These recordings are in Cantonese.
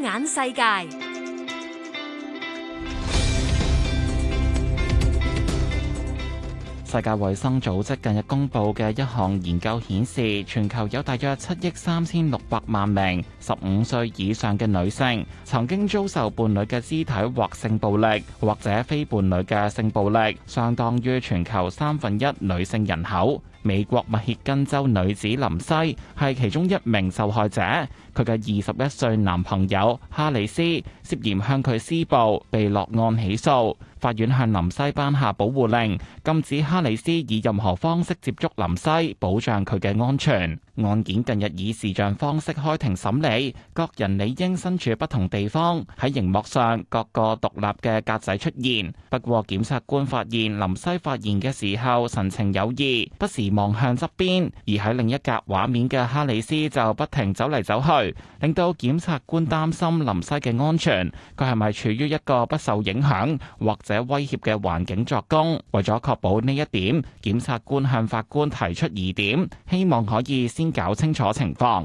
眼世界。世界衛生組織近日公布嘅一項研究顯示，全球有大約七億三千六百萬名十五歲以上嘅女性曾經遭受伴侶嘅肢體或性暴力，或者非伴侶嘅性暴力，相當於全球三分一女性人口。美國密歇根州女子林西係其中一名受害者，佢嘅二十一歲男朋友哈里斯涉嫌向佢施暴，被落案起訴。法院向林西頒下保護令，禁止哈里斯以任何方式接觸林西，保障佢嘅安全。案件近日以視像方式開庭審理，各人理應身處不同地方。喺熒幕上，各個獨立嘅格仔出現。不過，檢察官發現林西發言嘅時候神情有異，不時望向側邊；而喺另一格畫面嘅哈里斯就不停走嚟走去，令到檢察官擔心林西嘅安全。佢係咪處於一個不受影響或者威脅嘅環境作供？為咗確保呢一點，檢察官向法官提出疑點，希望可以。先搞清楚情況。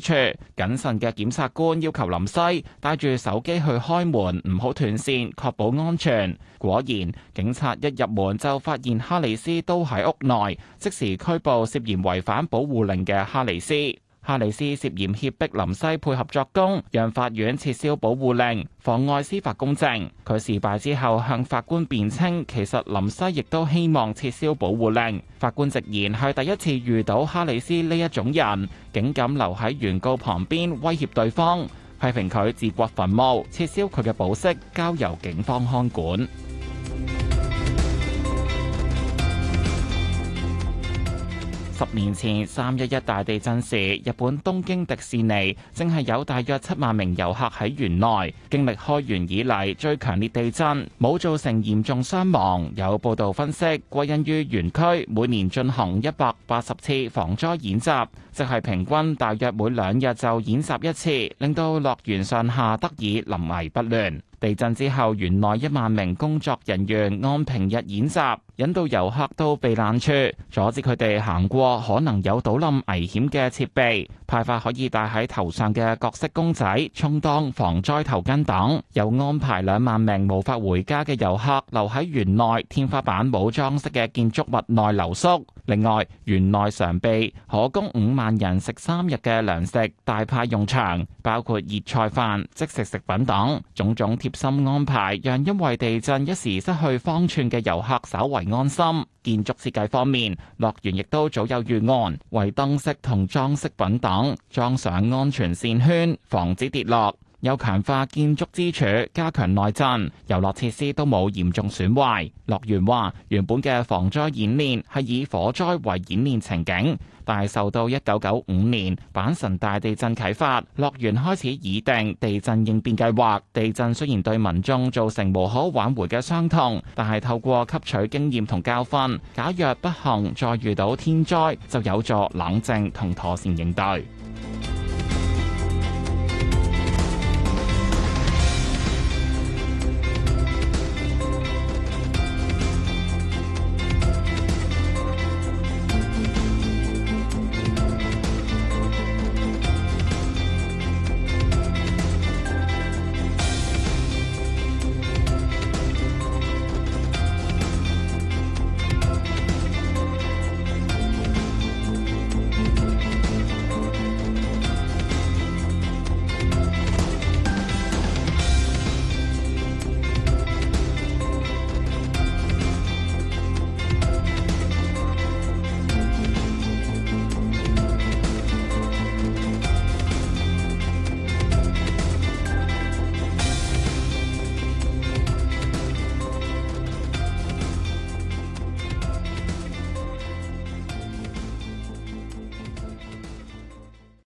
處謹慎嘅檢察官要求林西帶住手機去開門，唔好斷線，確保安全。果然，警察一入門就發現哈里斯都喺屋內，即時拘捕涉嫌違反保護令嘅哈里斯。哈里斯涉嫌脅迫林西配合作供，讓法院撤銷保護令，妨礙司法公正。佢事敗之後向法官辯稱，其實林西亦都希望撤銷保護令。法官直言係第一次遇到哈里斯呢一種人，竟敢留喺原告旁邊威脅對方，批評佢自掘墳墓，撤銷佢嘅保釋，交由警方看管。十年前三一一大地震時，日本東京迪士尼正係有大約七萬名遊客喺園內經歷開園以嚟最強烈地震，冇造成嚴重傷亡。有報道分析，歸因於園區每年進行一百八十次防災演習，即係平均大約每兩日就演習一次，令到樂園上下得以臨危不亂。地震之後，園內一萬名工作人員按平日演習。引導遊客到避難處，阻止佢哋行過可能有倒冧危險嘅設備，派發可以戴喺頭上嘅角色公仔，充當防災頭巾等。又安排兩萬名無法回家嘅遊客留喺園內天花板冇裝飾嘅建築物內留宿。另外，園內常備可供五萬人食三日嘅糧食，大派用場，包括熱菜飯、即食食品等，種種貼心安排，讓因為地震一時失去方寸嘅遊客稍為安心。建築設計方面，樂園亦都早有預案，為燈飾同裝飾品等裝上安全線圈，防止跌落。有強化建築支柱，加強內震，遊樂設施都冇嚴重損壞。樂園話：原本嘅防災演練係以火災為演練情景，但係受到一九九五年阪神大地震啟發，樂園開始擬定地震應變計劃。地震雖然對民眾造成無可挽回嘅傷痛，但係透過吸取經驗同教訓，假若不幸再遇到天災，就有助冷靜同妥善應對。